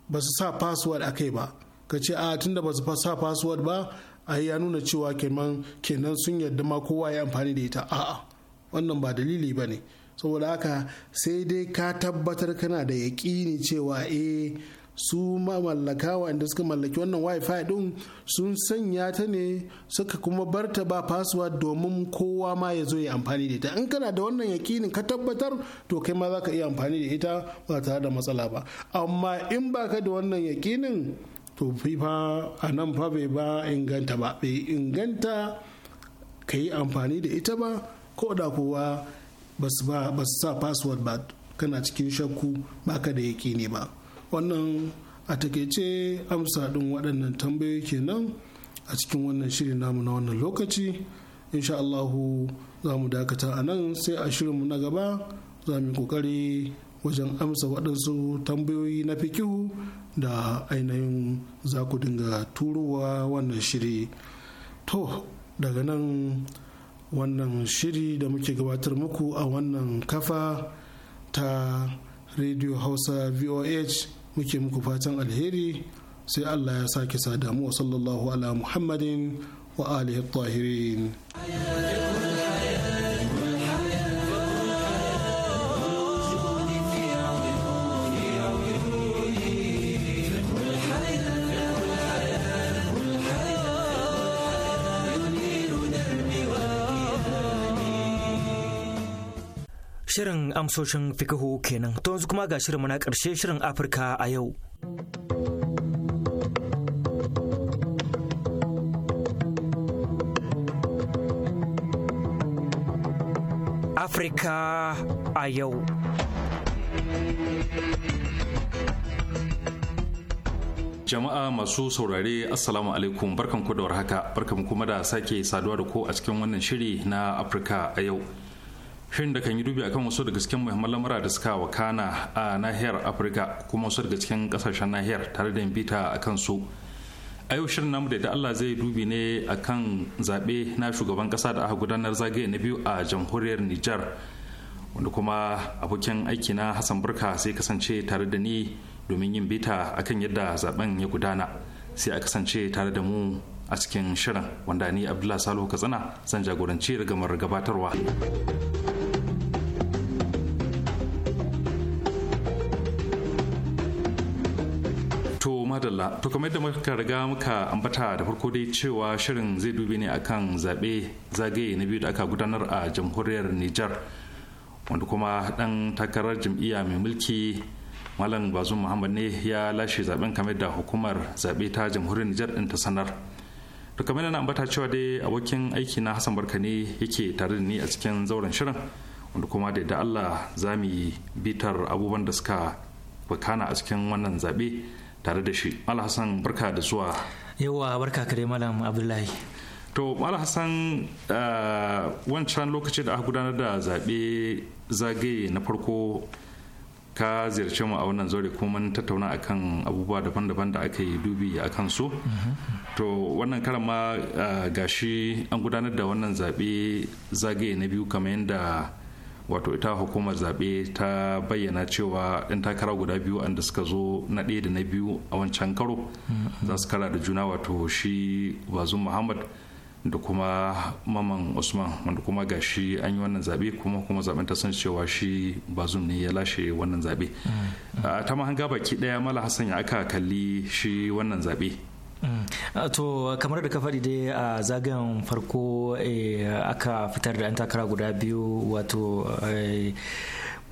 ba su sa password kai ba ka ce a ah, tunda ba su sa password ba a ya nuna cewa kenan kenan sun yarda ma kowa ya amfani da ita a'a wannan ba dalili ba ne saboda haka sai dai ka tabbatar kana da yaƙini cewa eh su mamallaka wanda suka mallaki wannan wifi din sun sanya ta ne suka kuma barta ba password domin kowa ma ya zo ya amfani da ita in kana da wannan yakinin ka tabbatar to kai ma za ka iya amfani da ita ba tare da matsala ba amma in baka da wannan yakinin to fifa a nan fa bai ba inganta ba bai inganta ka yi amfani da ita ba ko da kowa ba su sa password ba kana cikin shakku baka da yakini ba wannan a takaice amsa ɗin waɗannan tambayoyi kenan a cikin wannan shiri namu na wannan lokaci insha Allahu za mu dakata a nan sai a shirinmu na gaba za mu yi kokari wajen amsa waɗansu tambayoyi na fikihu da ainihin za ku dinga turowa wannan shiri to daga nan wannan shiri da muke gabatar muku a wannan kafa ta radio hausa voh muke muku fatan alheri sai allah ya sake sadamu wa sallallahu ala muhammadin wa alihi tahirin Shirin amsoshin fikihu kenan to yanzu kuma ga shirin na ƙarshe shirin Afirka a yau. Afirka a yau. Jama'a masu saurare Assalamu alaikum barkanku da warhaka barkanku kuma da sake saduwa da ku a cikin wannan shiri na Afirka a yau. shirin da kan yi dubi akan wasu daga cikin muhimman lamura da suka wakana a nahiyar afirka kuma wasu daga cikin kasashen nahiyar tare da bita a kan su a yau shirin namu da da allah zai dubi ne akan zaɓe na shugaban ƙasa da aka gudanar zagaye na biyu a jamhuriyar nijar wanda kuma abokin aiki na hassan burka sai kasance tare da ni domin yin bita akan yadda zaben ya gudana sai a kasance tare da mu a cikin shirin wanda ni abdullah salo katsina zan jagoranci rigamar gabatarwa madalla to kamar yadda muka riga muka ambata da farko dai cewa shirin zai dube ne akan zaɓe zagaye na biyu da aka gudanar a jamhuriyar nijar wanda kuma dan takarar jam'iyya mai mulki malam bazum muhammad ne ya lashe zaben kamar da hukumar zaɓe ta jamhuriyar nijar din ta sanar to kamar yana ambata cewa dai abokin aiki na hassan barka ne yake tare da ni a cikin zauren shirin wanda kuma da da allah za mu yi bitar abubuwan da suka bakana a cikin wannan zaɓe tare da shi malam hassan barka da zuwa yawa barka ka malam abdullahi to malam hassan ah, wancan lokaci da aka gudanar da zaɓe zagaye na farko ka ziyarce mu a wannan zaure kuma mun tattauna akan abubuwa daban-daban da aka yi dubi a kan su to wannan karan ma gashi an gudanar da wannan zaɓe zagaye na biyu kamar yadda wato ita hukumar zaɓe ta bayyana cewa ɗan takara guda biyu anda suka zo na ɗaya da na biyu a wancan karo za su kara da juna wato shi bazum muhammad da kuma maman usman wanda kuma gashi an yi wannan zabe kuma kuma zaben ta san cewa shi ba bazum ne ya lashe wannan zaɓe. Mm. Ah, ta mahanga baki daya mala hassan ya aka kalli shi wannan zabe mm. ah, to kamar da ka faɗi dai a zagayen farko eh, aka fitar da 'yan takara guda biyu wato eh,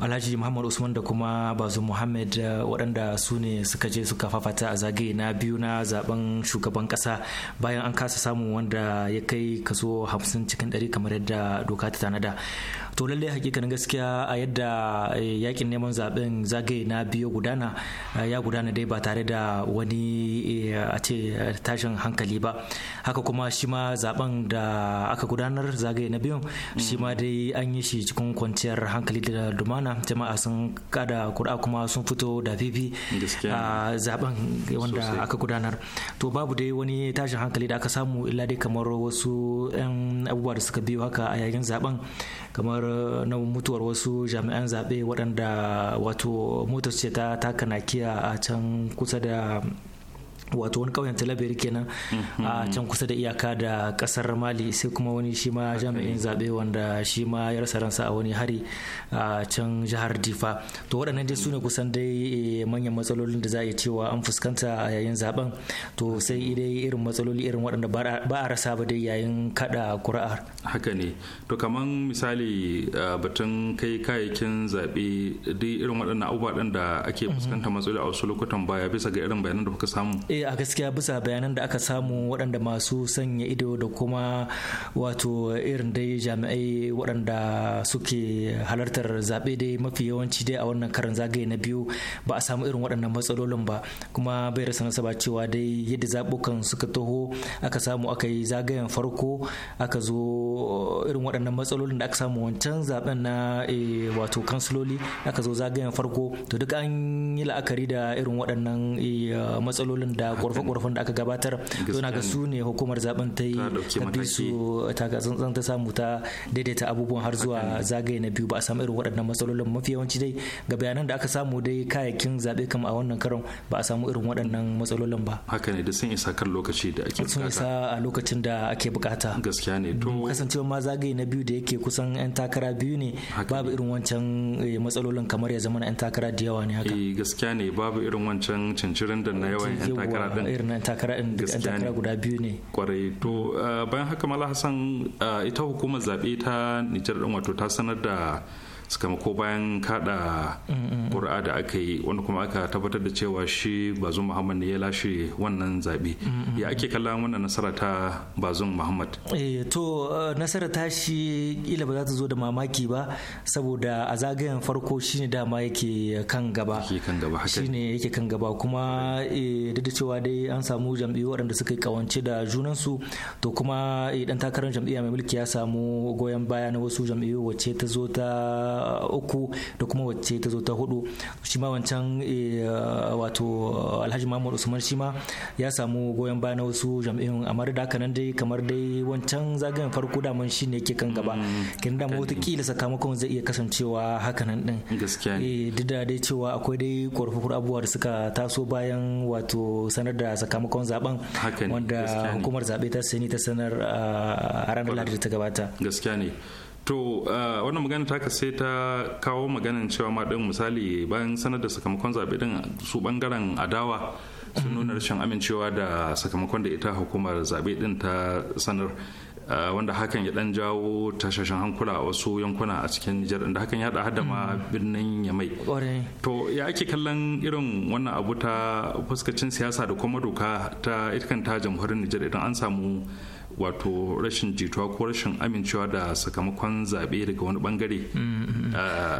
alhaji muhammad usman da kuma bazu muhammad eh, waɗanda su ne suka je suka fafata a zage na biyu na zaben shugaban ƙasa bayan an kasa samun wanda ya kai kaso hamsin cikin ɗari kamar yadda doka ta tanada to lalle hakikanin gaskiya a yadda eh, yakin neman zaben zagaye na biyu gudana eh, ya gudana dai ba tare da wani eh, a ce tashin hankali ba haka kuma shi ma zaben da aka gudanar zagaye na biyun shi ma dai an yi shi cikin kwanciyar hankali da dumana jama'a sun kada kura kuma sun fito da fifi a zaben wanda aka gudanar to babu dai wani tashin hankali da aka samu illa dai kamar wasu 'yan abubuwa da suka biyo haka a yayin zaben kamar na mutuwar wasu jami'an zaɓe waɗanda wato motar ce ta taka a can kusa da wato wani ƙauyen talabiri kenan mhm. a can kusa da iyaka da ƙasar mali sai kuma wani shi ma jami'in zaɓe wanda shi ma ya rasa ransa a wani hari a can jihar difa to waɗannan dai su ne kusan dai eh, manyan matsalolin da za a yi cewa an fuskanta a yayin zaben to sai dai irin matsaloli irin waɗanda ba a rasa ba dai yayin kaɗa kuri'ar haka ne to kamar misali batun kai kayayyakin zaɓe dai irin waɗannan abubuwa da ake mhm. fuskanta matsaloli a wasu lokutan baya bisa ga irin bayanan da kuka samu eh, a gaskiya bisa bayanan da aka samu waɗanda masu sanya ido da kuma wato irin dai jami'ai waɗanda suke halartar zaɓe dai mafi yawanci dai a wannan karin zagaye na biyu ba a samu irin waɗannan matsalolin ba kuma bai rasa nasaba cewa dai yadda zaɓukan suka taho aka samu aka yi zagayen farko aka zo irin waɗannan matsalolin da aka samu wancan zaɓen na e, wato kansiloli aka zo zagayen farko to duk an yi la'akari da irin waɗannan e, matsalolin da da ƙorafe da aka gabatar yana ga su ne hukumar zaben ta yi ta su ta ta samu ta daidaita abubuwan har zuwa zagaye na biyu ba a samu irin waɗannan matsalolin mafi yawanci dai ga bayanan da aka samu dai kayayyakin zaɓe kam a wannan karon ba a samu irin waɗannan matsalolin ba haka ne da sun isa kan lokaci da ake bukata sun isa a lokacin da ake bukata gaskiya ne to kasancewa ma zagaye na biyu da yake kusan yan takara biyu ne babu irin wancan eh, matsalolin kamar ya zama na yan takara da yawa ne haka eh, gaskiya ne babu irin wancan cincirin da na yawan yan takara takara din irin nan takara din yan takara guda biyu ne kwarai to eh, bayan haka mala hassan eh, ita hukumar zabe ta Nijar din wato ta sanar da ko bayan kada ƙuri'a da aka yi wanda kuma aka tabbatar da cewa shi bazum muhammad ne ya lashe wannan zaɓe ya ake kallon wannan nasara ta bazum muhammad eh to eh, nasara ta shi kila ba za ta zo da mamaki ba saboda a zagayen farko shine dama yake kan gaba shine yake kan gaba kuma eh, duk da cewa dai an samu jam'iyyu waɗanda suka yi kawance da junansu to kuma dan eh, takarar jam'iyya mai mulki ya samu goyon baya na wasu jam'iyyu wacce ta zo ta uku da kuma wacce ta zo ta hudu shi ma wancan eh, wato alhaji mahmud usman shi ma ya samu goyon baya na wasu jam'iyyun amma da haka nan dai kamar dai wancan zagayen farko daman shi ne yake kan gaba kin da kila sakamakon zai iya kasancewa hakanan din gaskiya ne eh, duk da dai cewa akwai dai korafin abubuwa da suka taso bayan wato sanar da sakamakon zaben wanda hukumar zabe ta sani ta sanar ah, a ranar lahadi da ta gabata gaskiya ne to wannan magana ta sai ta kawo maganin cewa ma din misali bayan sanar da sakamakon zaɓe din su bangaren adawa sun nuna rashin amincewa da sakamakon da ita hukumar zaɓe din ta sanar wanda hakan ya dan jawo tashashen hankula a wasu yankuna a cikin nijar da hakan ya hada hada ma mm. birnin yamai to ya ake kallon irin wannan abu ta fuskacin siyasa da kuma doka ta itkan ta jamhuriyar nijar idan an samu wato rashin jituwa ko rashin amincewa da sakamakon zaɓe daga wani bangare mm-hmm.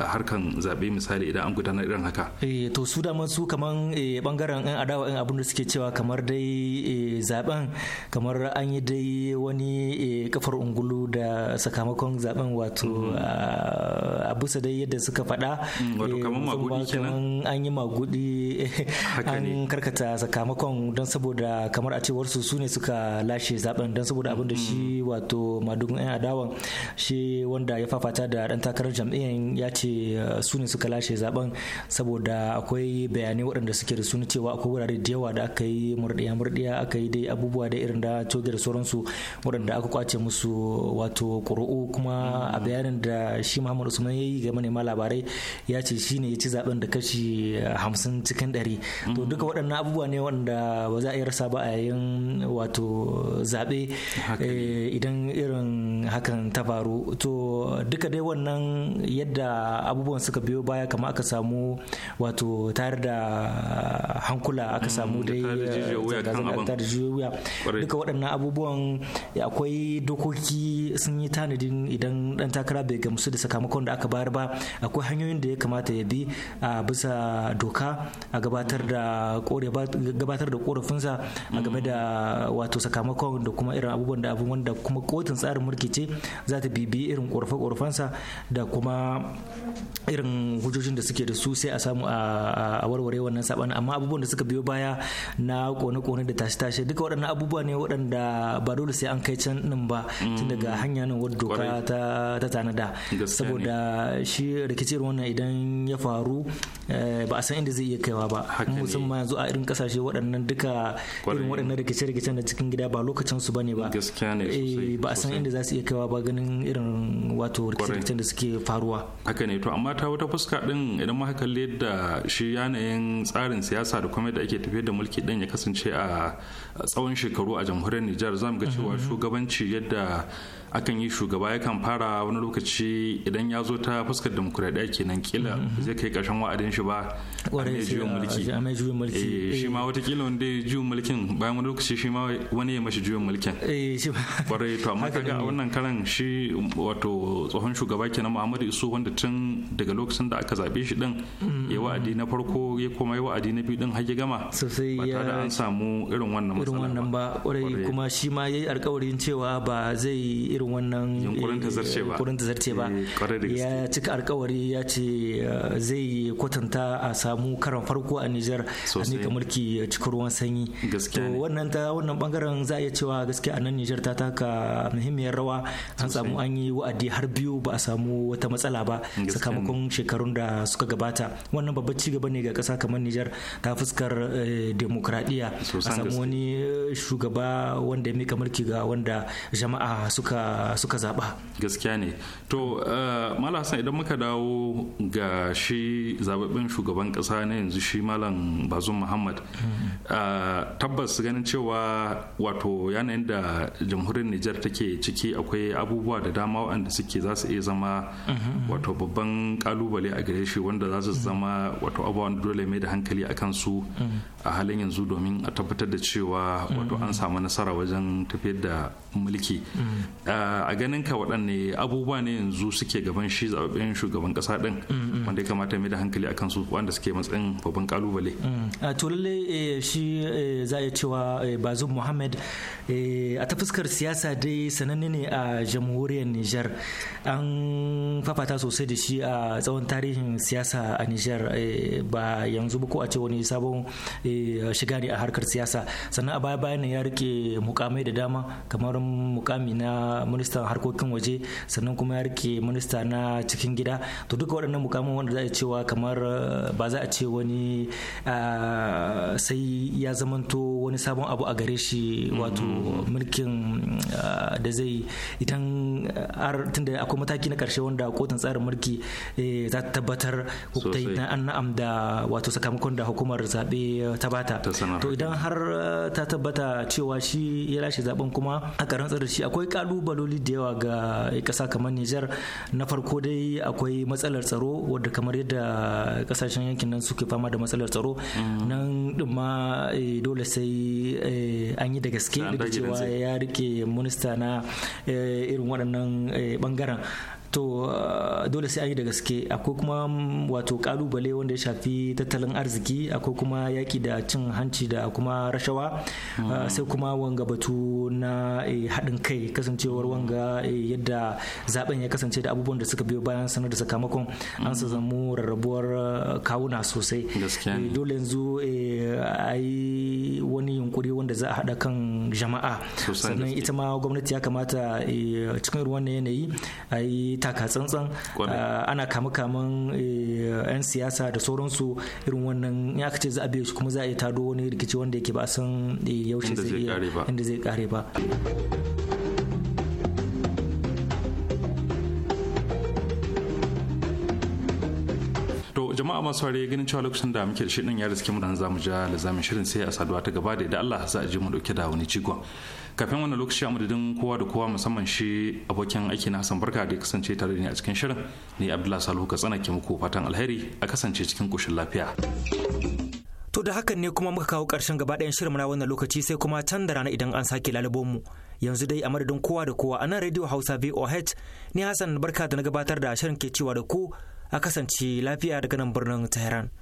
harkan zaɓe misali idan an gudanar irin haka eh, to su da su kamar bangaren eh, yan adawa yan abin da suke cewa kamar dai eh, zaben kamar an yi dai wani kafar ungulu da sakamakon zaben wato mm-hmm. a bisa dai yadda suka faɗa mm, wato kamar magudi kenan an yi magudi an karkata sakamakon don saboda kamar a cewar su su ne suka lashe zaben don saboda abin da shi mm-hmm. wato madugun 'yan adawan shi wanda ya fafata da dan takarar jam'iyyar ya ce uh, su ne suka lashe zaben saboda akwai bayanai waɗanda suke da suna cewa akwai wurare da yawa da aka yi murɗiya murɗiya aka yi dai abubuwa da irin da coge da sauransu waɗanda aka kwace musu wato ƙuru'u kuma a mm-hmm. bayanin da shi muhammad usman ya yi ga manema labarai ya ce shi ne ya ci zaben da kashi uh, hamsin cikin ɗari to mm-hmm. duka waɗannan abubuwa ne wanda ba za a iya rasa ba a yayin wato zaɓe Eh, idan irin hakan ta faru to duka dai wannan yadda abubuwan suka biyo baya kama aka samu wato tare da hankula aka mm, samu dai zanga da eh, wuya duka waɗannan abubuwan eh, akwai dokoki sun yi tanadin idan ɗan takara bai gamsu da sakamakon da aka bayar ba akwai hanyoyin da ya kamata ya bi a bisa doka a gabatar da korafinsa a game mm. da wato sakamakon da kuma irin abubuwan da abin wanda kuma kotun tsarin mulki ce za ta bibiyi irin ƙorafe-ƙorafensa da kuma irin hujjojin da suke da su sai a samu a warware wannan sabanin amma abubuwan da suka biyo baya na kone-kone da tashe-tashe duka waɗannan abubuwa ne waɗanda ba dole sai an kai can nan ba tun daga mm. hanya nan wadda doka ta tanada saboda shi rikicin wannan idan ya faru eh, ba a san inda zai iya kaiwa ba musamman yanzu a irin kasashe waɗannan duka irin waɗannan rikice-rikicen da cikin gida ba lokacin su bane ba gaskiya ne eh, ba a san inda za su iya kaiwa ba ganin irin wato rikice da suke faruwa haka ne to amma ta wata fuska din idan ma haka da shi yanayin tsarin siyasa da kuma da ake tafiyar da mulki din ya kasance a tsawon shekaru a jamhuriyar Nijar zamu ga cewa mm-hmm. shugabanci yadda akan yi shugaba yakan fara wani lokaci idan ya zo ta fuskar demokuraɗiyya kenan kila mhm. zai kai ƙarshen wa'adin shi ba mai juyin mulki eh, shi ma eh. watakila wanda ya juyin mulkin bayan wani lokaci shi ma wani ya mashi juyin mulkin kwarai eh, to amma kaga a wannan karan shi wato tsohon shugaba kenan muhammadu isu wanda tun daga lokacin da aka zaɓe shi din ya wa'adi na farko ya koma ya wa'adi na biyu din har ya gama sosai ba tare an samu irin wannan matsala ba kwarai kuma shi ma ya yi alkawarin cewa ba zai irin wannan yunkurin zarce ba eh, ya cika alkawari ya ce eh, zai kwatanta a samu karan farko a Nijar a nika mulki cikin ruwan sanyi to wannan ta wannan bangaren za a iya cewa gaskiya a nan Nijar ta taka muhimmiyar rawa an samu an yi wa'adi har biyu ba a samu wata matsala ba sakamakon shekarun da suka gabata wannan babban ci gaba ne ga kasa kamar Nijar ta fuskar eh, demokradiya a samu wani shugaba wanda ya mika mulki ga wanda jama'a suka suka zaba gaskiya ne to eh, malam hassan idan muka dawo ga shi zababben shugaban kasa na yanzu shi malam bazum muhammad eh, tabbas ganin cewa wato yanayin da jamhuriyar nijar take ciki akwai abubuwa da dama waɗanda suke za su iya zama wato babban kalubale a gare shi wanda za su zama wato abubuwan dole mai da hankali a kansu a halin yanzu domin a tabbatar da cewa wato an samu nasara wajen tafiyar da mulki eh, a ganin ka waɗanne abubuwa ne yanzu suke gaban shi zaɓen shugaban ƙasa ɗin mm-hmm. wanda ya kamata mai da hankali akan su wanda suke matsayin babban kalubale. Mm-hmm. to lalle eh, shi eh, za a cewa eh, bazum muhammad a ta fuskar siyasa dai sananne ne a jamhuriyar niger an fafata sosai da shi a tsawon tarihin siyasa a niger ba yanzu ba ko a ce wani sabon shiga ne a harkar siyasa sannan a baya bayan ya rike mukamai da dama kamar mukami na ministan harkokin waje sannan kuma ya rike minista na cikin gida to duka waɗannan mukamin wanda za a cewa kamar eh, ba za a ce wani eh, sai ya zamanto wani sabon abu a gare shi mm-hmm. wato mulkin eh, da zai idan har tunda akwai mataki na karshe wanda kotun tsarin mulki za ta tabbatar ta na'am da wato sakamakon da hukumar zaɓe ta bata to idan har ta tabbata cewa shi ya lashe zaben kuma a karan da shi akwai kalubale matsaloli da yawa ga ƙasa kamar Nijar na farko dai akwai matsalar tsaro wadda kamar yadda kasashen yankin nan suke fama da matsalar tsaro mm. nan ma eh, dole sai eh, an yi da gaske da cewa ya rike minista na eh, irin waɗannan bangaren to eh, dole sai an yi da gaske akwai kuma mm, wato kalubale wanda ya shafi tattalin arziki akwai kuma yaki da cin hanci da kuma rashawa eh, hmm. sai kuma wanga batu na eh, haɗin kai kasancewar wanga yadda zaben ya kasance da abubuwan da suka biyo bayan sanar da sakamakon an hmm. su zamu rarrabuwar kawuna sosai dole yanzu a yi wani yunkuri wanda za a haɗa kan jama'a sannan ita ma gwamnati ya kamata cikin ruwan yanayi a yi taka tsantsan ah, ana kama kaman eh, yan siyasa da sauransu irin wannan ya ce za a biyo shi kuma za a yi tado wani rikici wanda yake ba san eh, yaushe zai inda zai kare ba to jama'a masu ware ganin cewa lokacin da muke da shi din ya riske mu dan zamu ja lazamin shirin sai a saduwa ta gaba da idan Allah za a ji mu dauke da wani jigon kafin wannan lokaci a madadin kowa da kowa musamman shi abokin aiki na hassan barka da ya kasance tare da ni a cikin shirin ne abdullahi salihu tsana ke muku fatan alheri a kasance cikin koshin lafiya to da hakan ne kuma muka kawo karshen gaba ɗayan shirin na wannan lokaci sai kuma can da rana idan an sake lalubo mu yanzu dai a madadin kowa da kowa a nan radio hausa voh ni hassan barka da na gabatar da shirin ke cewa da ku a kasance lafiya daga nan birnin tehran